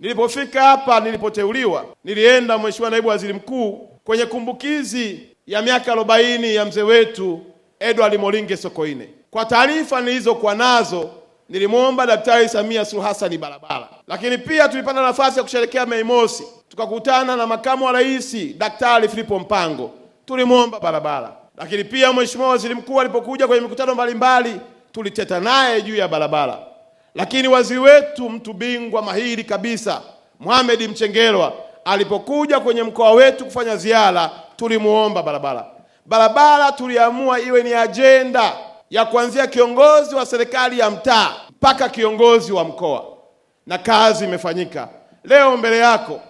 Nilipofika hapa nilipoteuliwa, nilienda Mheshimiwa Naibu Waziri Mkuu, kwenye kumbukizi ya miaka arobaini ya mzee wetu Edward Moringe Sokoine. Kwa taarifa nilizokuwa nazo, nilimwomba Daktari Samia Suluhu Hassan barabara, lakini pia tulipata nafasi ya kusherehekea Mei Mosi, tukakutana na makamu wa rais Daktari Filipo Mpango, tulimwomba barabara. Lakini pia Mheshimiwa Waziri Mkuu alipokuja kwenye mikutano mbalimbali, tuliteta naye juu ya barabara. Lakini waziri wetu mtu bingwa mahiri kabisa Mohamed Mchengerwa alipokuja kwenye mkoa wetu kufanya ziara, tulimuomba barabara. Barabara tuliamua iwe ni ajenda ya kuanzia kiongozi wa serikali ya mtaa mpaka kiongozi wa mkoa, na kazi imefanyika. Leo mbele yako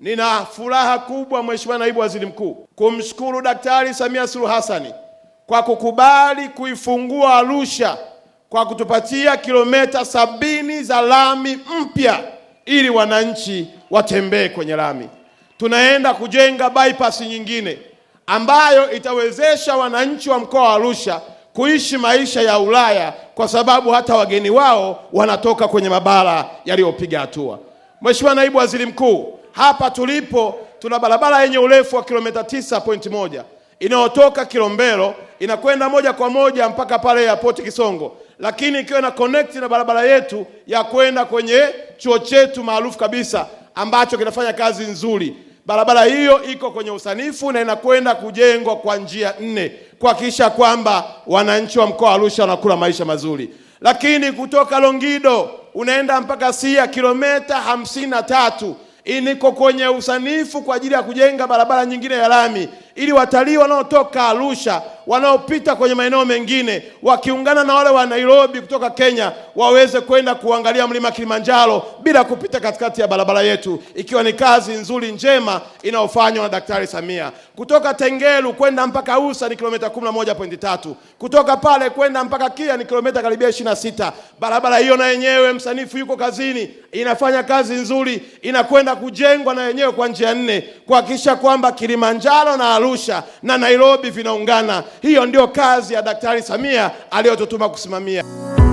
nina furaha kubwa, Mheshimiwa Naibu Waziri Mkuu, kumshukuru Daktari Samia Suluhu Hassani kwa kukubali kuifungua Arusha kwa kutupatia kilomita sabini za lami mpya ili wananchi watembee kwenye lami. Tunaenda kujenga bypass nyingine ambayo itawezesha wananchi wa mkoa wa Arusha kuishi maisha ya Ulaya kwa sababu hata wageni wao wanatoka kwenye mabara yaliyopiga hatua. Mheshimiwa Naibu Waziri Mkuu, hapa tulipo tuna barabara yenye urefu wa kilomita moja inayotoka Kilombero inakwenda moja kwa moja mpaka pale Poti Kisongo lakini ikiwa na connect na barabara yetu ya kwenda kwenye chuo chetu maarufu kabisa ambacho kinafanya kazi nzuri. Barabara hiyo iko kwenye usanifu na inakwenda kujengwa kwa njia nne kuhakikisha kwamba wananchi wa mkoa wa Arusha wanakula maisha mazuri. Lakini kutoka Longido unaenda mpaka Sia kilomita hamsini na tatu iniko kwenye usanifu kwa ajili ya kujenga barabara nyingine ya lami ili watalii wanaotoka Arusha wanaopita kwenye maeneo mengine wakiungana na wale wa Nairobi kutoka Kenya waweze kwenda kuangalia mlima Kilimanjaro bila kupita katikati ya barabara yetu, ikiwa ni kazi nzuri njema inayofanywa na Daktari Samia. Kutoka Tengeru kwenda mpaka Usa ni kilomita 11.3, kutoka pale kwenda mpaka Kia ni kilomita karibia 26. Barabara hiyo na yenyewe msanifu yuko kazini, inafanya kazi nzuri, inakwenda kujengwa na yenyewe kwa njia nne kuhakikisha kwamba Kilimanjaro na Arusha na Nairobi vinaungana. Hiyo ndio kazi ya Daktari Samia aliyotutuma kusimamia.